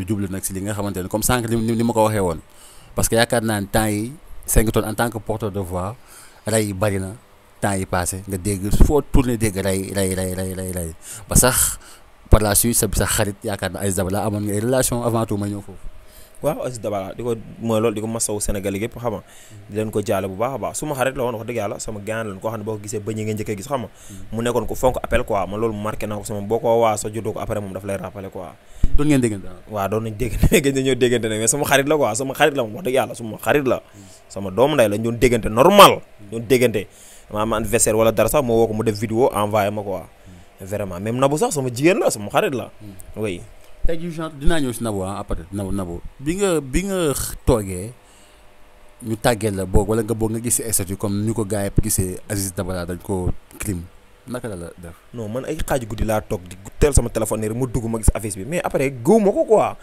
ñu jublu nag si li nga xamante ne comme sànq ni ma ko waxee woon parce que yaakaar naa ne temps yi Singleton en tant que porteur de voix rey yi na temps yi passé nga dégg foo tourné dégg rey rey rey rey rey rey ba sax par la suite sa sa xarit yaakaar na ay zaba la amoon nga ay relation avant tout ma ñëw foofu waaw Aziz Dabala di ko mooy loolu di ko masawu Sénégal yëpp xam nga di leen ko jaale bu baax a baax su ma xarit la woon wax dëgg yàlla sama gaan lan koo xam ne boo ko hmm. ko sama boo ko waa sa juddoo ko après moom daf lay rappelé quoi doon ngeen déggante waaw doon nañ xarit la quoi sama xarit la moom sama xarit la hmm. sama déggante normal doon déggante maa ma anniversaire wala dara sax moo woo ko mu def vidéo envoyé ma ko quoi hmm. vraiment na Nabou sax sama jigéen la sama xarit la oui tey jii genre dinaa ñëw si Nabou ah après Nabou Nabou bi nga bi nga toogee ñu tàggee la boog wala nga boog nga gis statut comme ni ko gars yi gisee Aziz Dabala dañ ko crime naka la la def. non man ay xaaju guddi laa toog di teel sama téléphone rek ma dugg ma gis affiche bi mais après gëw ko quoi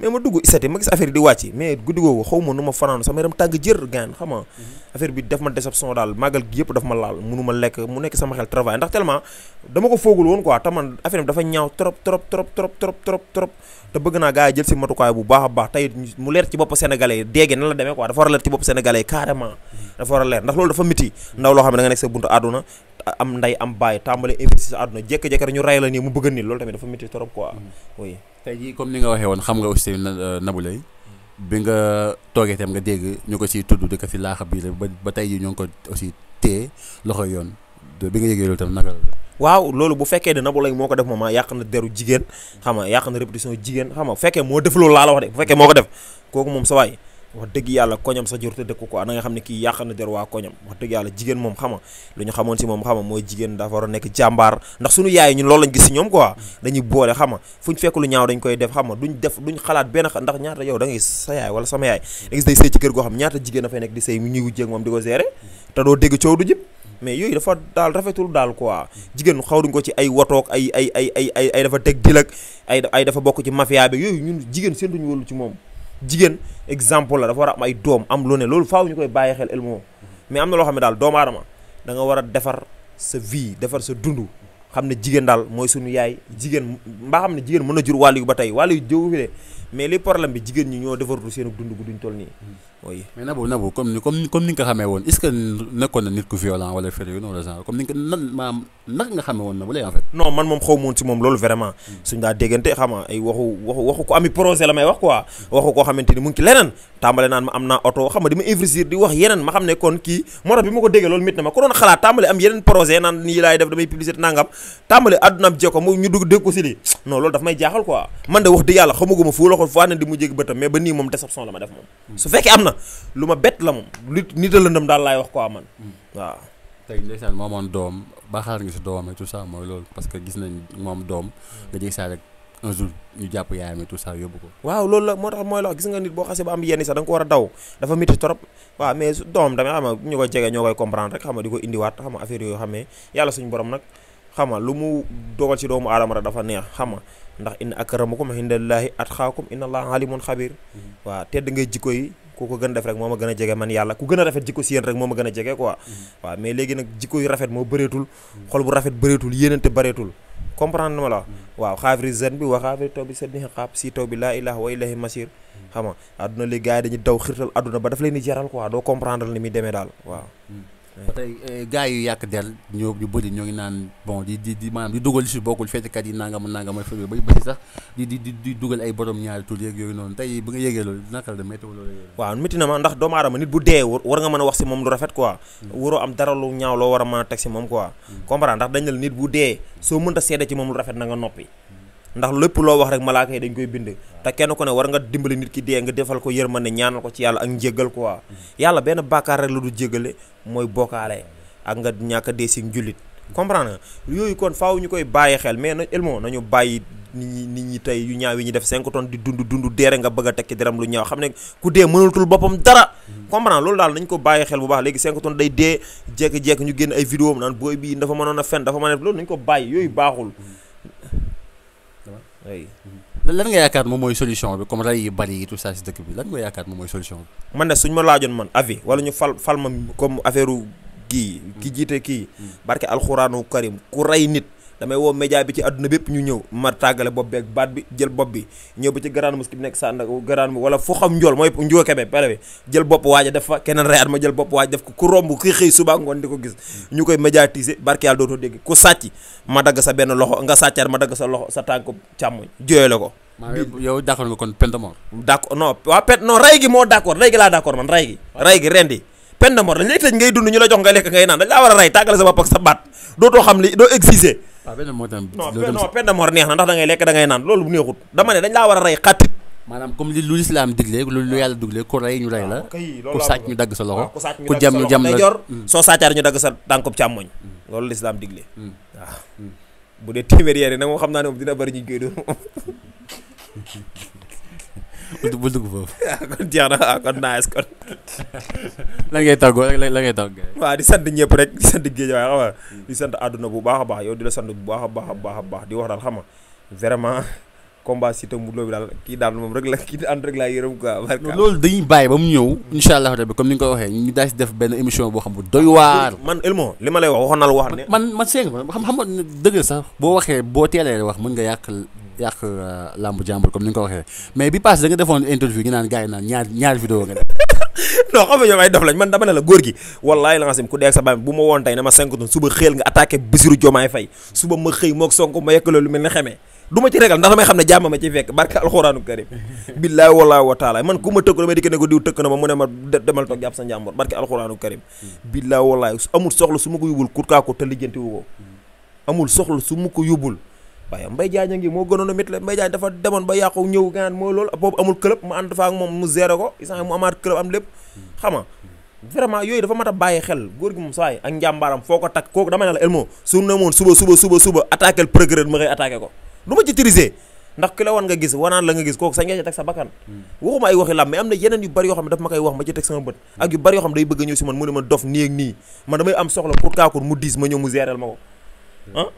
mais ma dugg isate ma gis affaire di wàcc mais guddi googu xaw ma nu ma fanaanu sama yaram tàng jër gaan xam nga mhm. affaire bi daf ma déception daal màggal gi yëpp daf ma laal munu ma lekk mu nekk sama xel travail ndax tellement dama ko foogul woon quoi te man affaire bi dafa ñaaw trop trop trop trop trop trop trop te bëgg naa gaa yi jël si matukaay bu baax a baax tey mu leer ci bopp sénégalais yi na la demee quoi dafa war a leer ci bopp sénégalais yi carrément mhm. a leer ndax loolu ne da nga nekk sa buntu am nday am bàyyi tàmbale investir sa àdduna jékki-jékki rek ñu ray la nii mu bëgg nii loolu tamit dafa métti trop quoi. Mm-hmm. oui tey jii comme ni nga waxee woon xam nga aussi euh, Nabou Leye mm. bi nga toogee tam nga dégg ñu ko siy tudd di ko si laaxa biir ba ba tey jii ñu ngi ko aussi loxo yoon bi nga yëgee loolu tam naka waaw loolu bu fekkee ne Nabou Leye moo ko def moom ah, yàq na deru jigéen xam nga yàq na réputation jigéen xam nga bu fekkee moo def loolu laa la wax de bu fekkee moo ko def kooku moom sa waay wax dëgg yàlla koñam sa jur te dëkk ko na nga xam ne kii yàq na der waa koñam wax dëgg yàlla jigéen moom xama lu ñu xamoon si moom xama mooy jigéen dafa war a nekk jàmbaar ndax suñu yaay ñun loolu lañ gis si ñoom quoi dañuy boole xama fuñ fekk jigéen dafay nekk di sëy mu ñuy jéeg moom daal rafetul daal quoi jigéen xaw ko ci ay wotoog ay ay ay ay ay dafa teg dilak ay ay dafa bokk ci mafia bi yooyu ñun jigéen seen duñu wóolu ci moom jigéen exemple la dafa war a am ay doom am lu ne loolu faaw ñu koy bàyyi xel el moom mais am na loo xam ne daal doomu aadama da war a defar sa vie defar sa dund xam ne jigéen daal mooy suñu yaay jigéen mbaa xam ne jigéen mën na jur wàll yu ba tey wàll yu jëwu fi de mais li problème bi jigéen ñi ñoo defarul seen dund gu duñ toll nii oui mais Nabou Nabou comme comme comme naan ma am naa oto xam di ma investir di wax yeneen ma xam ne kii moo tax bi ma ko déggee loolu mit na ma ko doon xalaat tàmbale am yeneen projet naan nii laay def damay publicité nangam tàmbale àdduna am jeko ñu dugg dégg ko si lii non loolu daf may jaaxal quoi man de wax dëgg yàlla xamaguma fu loxo fu ne di mu jéggi bëtam mais ba nii moom déception la ma def moom hmm. su fekkee am na lu ma bett la moom nit nit a lëndëm daal laay wax ko man hmm. waaw. tey ndeysaan moo amoon doom ba xaar nga si doomam tout ça mooy loolu parce que gis nañ moom doom hmm. nga jég saa rek un jour ñu jàpp yaayam tout ça yóbbu ko. waaw loolu la moo tax mooy la gis nga nit boo xasee ba am yenn sax da nga ko war a daw dafa métti trop waaw mais doomam tamit xam nga ñu koy jege ñoo koy comprendre rek xam nga di ko indiwaat xam nga yoo yooyu xam ne yàlla suñu borom nag xam nga lu mu dogal ci doomu aadama rek dafa neex xam nga ndax inna akramakum indallaahi atqaakum inna allaaha aliimun xabiir hmm. waaw tedd ngay jikko yi ku gën def rek moo ma gën a jege man yàlla ku gën a rafet jikko si yéen rek moo ma gën a jege quoi mhm. waaw mais léegi nag jikko yu rafet moo bëreetul xol bu rafet bëreetul yéenante bëreetul comprendre ma la mhm. waaw xaafiri zen bi wa xaafiri taw bi seen ni xaab si taw bi laa ilaha wa ilahi masir mhm. xam nga àdduna li gars yi dañuy daw xirtal àdduna ba daf leen di jaral quoi doo comprendre ni muy demee daal waaw ba tey eh, gars yu yàq dell ñoo ñu bëri ñoo ngi naan bon di di di maanaam di dugal si bokkul fettkat yi nangam nangam ak ba bëri sax di di di dugal ay borom ñaari tur yeeg yooyu noonu tey bu nga yëgee loolu naka la météo loolu na ma ndax doomu aadama nit bu dee war nga mën a wax si moom lu rafet quoi hmm. waroo am dara lu ñaaw loo war a mën a teg si moom quoi hmm. comprendre ndax dañ la nit bu dee soo mënta seede ci moom lu rafet na nga noppi hmm. ndax lépp loo wax rek malaaka dañ koy bind te kenn ku ne war nga dimbali nit ki dee nga defal ko yërmande ñaanal ko ci yàlla ak ko quoi yàlla benn bàkkaar rek la du jéggale mooy bokkaale ak nga ñàkk a dee si njullit comprendre nga yooyu kon faaw ñu koy bàyyi xel mais na Elmo nañu bàyyi nit ñi nit ñi tey yu ñaaw yi ñu def 5 tonnes di dund dund deere nga bëgg tekki deram lu ñaaw xam ne ku dee mënatul boppam dara comprendre loolu daal nañ ko bàyyi xel bu baax léegi 5 tonnes day dee jekki-jekki ñu génn ay vidéo am naan booy bii mënoon a fen dafa mën a def loolu nañ ko bàyyi yooyu baaxul Mm-hmm. lan nga yaakaar moom mooy solution bi comme rey yi bari yi tout ça si dëkk bi lan nga yaakaar moom mooy solution bi. man de suñ ma laajoon man avi wala ñu fal fal ma comme affaire kii ki mm-hmm. jiite kii. Mm-hmm. barke alxuraanu karim ku rey nit. damay woo média bi ci àdduna bépp ñu ñëw ma tàggale bopp beeg baat bi jël bopp bi ñëw ba ci grande mosquée bi nekk Sandaga grande wala fu xam njool mooy njoo kebe pare bi jël bopp a def fa keneen reyaat ma jël bopp waaja def ko ku romb kii xëy suba ngoon di ko gis ma dagg sa benn loxo nga sàccaat ma dagg sa loxo sa tànk càmmoñ jooy la ko yow d'accord nga kon peine de mort waa peine non rey gi moo d'accord rey gi laa d'accord man rey gi ah. rey gi rendi peine de mort ngay dund ñu la jox ngay lekk ngay naan dañ laa war a rey tàggale sa bopp ak sa baat dootoo xam li doo exiger waaw peine de mort tamit. non peine de mort neex na ndax da ngay lekk da naan loolu bu neexut dama ne dañ laa war a rey xattit. maanaam comme lu lislaam digle lu yàlla digle ku rey ñu rey la. Ah, ku sàcc ñu dagg sa loxo. Ah, ku sàcc ñu dagg sa loxo ku jam ñu jam la jor mm. soo sàccaar ñu dagg sa tànkub càmmoñ. Mm. loolu lislaam digle. Mm. Ah. bu dee téeméer yi nag moom xam naa ne moom dina bëri ñu koy bul dugg foofu. Ah, kon jeex na waaw ah, kon nice kon. lan ngay la la ngay tàggoo. waaw di sant ñëpp rek di sant géej waaye xam di sant àdduna bu baax a baax yow di la sant bu baax a baax a baax di wax daal xam nga vraiment. combat Siteu la kii comme ni nga ko waxee ñu daal si boo xam bu doy waar. wax waxoon naa la wax ne. man man sëñ ma xam xam nga dëgg sax boo euh, mais bi passe da defoon interview ñu naan gars yi naan ñaar nga def. non xam nga man dama ne la góor gi wallaahi la nga ku dee ak sa baam bu ma woon tey ne ma 5 tonnes suba xeel nga attaqué Bassirou Diomaye Faye suba ma xëy mook Sonko ma yekk loolu mel ni xemee duma ci regal ndax damay xam ne jàmm ma ci fekk barka alxuraanu karim billaay wa taala man ku ma ko diw tëkk na ma mu ne ma demal toog jàpp sa njàmbur barke alxuraanu karim hmm. billaay wallaahi amul soxla su ko ko te hmm. ko amul soxla su ma ko yóbbul waaye mbay jaay a ngi moo gënoon a métti la mbay jaay dafa demoon ba yàqu ñëw gaan mooy loolu boobu moom mu géré ko isan mu lépp hmm. xam nga vraiment yooyu dafa mat a bàyyi xel góor gi moom saay foo ko takk kooku dama na la elmo su ne moon suba suba suba suba attaqué le progrès ma xëy attaqué ko du ma ci tirisee ndax ki la wan nga gis wanaan la nga gis kooku sañ nga teg sa bakkan waxuma ay waxi làmb mais am na yeneen yu bari yoo xam ne daf ma koy wax ma ci teg sama bët ak yu bari yoo xam ne day bëgg a ñëw si man mu ne ma dof ah?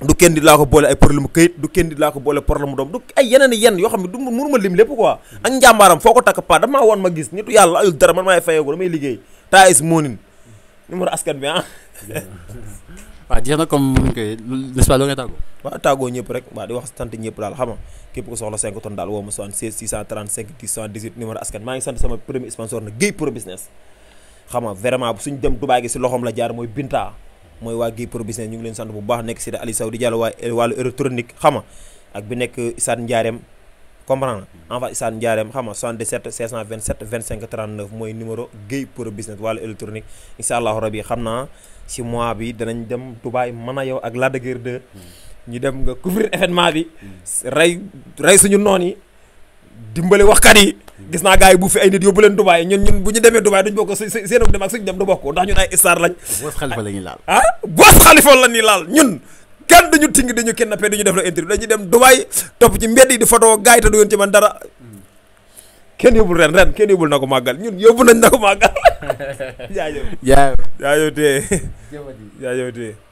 du kenn di laa ko boole ay problème këyit du kenn di laa ko boole problème doom du yoo xam ne du mënuma lim lépp quoi ak njàmbaaram foo ko takk pa damaa woon ma gis nitu yàlla ayul dara man maay fayeeku damay liggéey taais moonin numéro askan bi ah waa jeex na comme ni koy n'est-ce ngay tàggoo waaw tàggoo ñëpp rek waaw di wax sant ñëpp daal xam képp ko soxla 5 tonnes daal woo ma 76 635 10 78 numéro askan maa ngi sant sama premier sponsor na Guèye Pro Business xam nga vraiment suñ dem Dubaay gi si loxoom la jaar mooy Binta mooy waa Guèye Pro Business ñu ngi leen sant bu baax nekk si da Aliou Sow di jàll waa wàllu électronique xam nga ak bi nekk comprendre nga en fait isaan njaareem xam nga 77 627 25 39 mooy numéro Guèye Pro Business wàllu électronique incha allahu rabi xam naa si mois bi danañ dem Dubaay mën a yow ak Lac de Guiers 2 mm-hmm. ñu dem nga couvrir événement bi. rey suñu noon yi dimbale waxkat yi. Mm-hmm. gis naa gars bu fi ay nit yóbbu leen Dubaay ñun ñun bu ñu demee Dubaay duñ bokk seen ak suñu dem du bokk ndax ñun ay star lañ. boos xalifa la ah, laal ñun. kenn duñu ting dañu kidnappé duñu def la interview dañuy dem Dubaay topp ci mbedd yi di photo gaay te du yoon ci man dara kenn yóbbul ren ren kenn yóbbul na ko màggal ñun yóbbu nañ na ko màggal jaajëf jaajëf jaajëf tee jaajëf tee